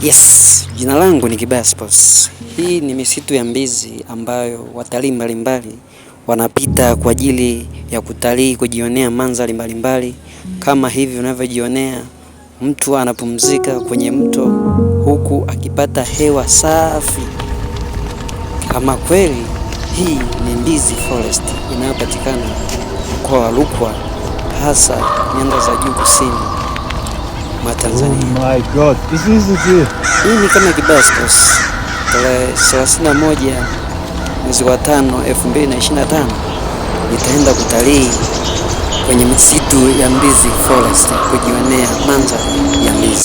Yes, jina langu ni Kibaya Sports. Hii ni misitu ya Mbizi ambayo watalii mbalimbali wanapita kwa ajili ya kutalii, kujionea mandhari mbalimbali kama hivi unavyojionea. Mtu anapumzika kwenye mto huku akipata hewa safi. Kama kweli hii ni Mbizi Forest inayopatikana mkoa wa Rukwa, hasa nyanda za juu kusini mwa Tanzania. Oh my God. This is it. Hii ni kama Hibiscus. Tarehe 31 mwezi wa 5 2025 nitaenda kutalii kwenye misitu ya Mbizi Forest kujionea manza ya Mbizi.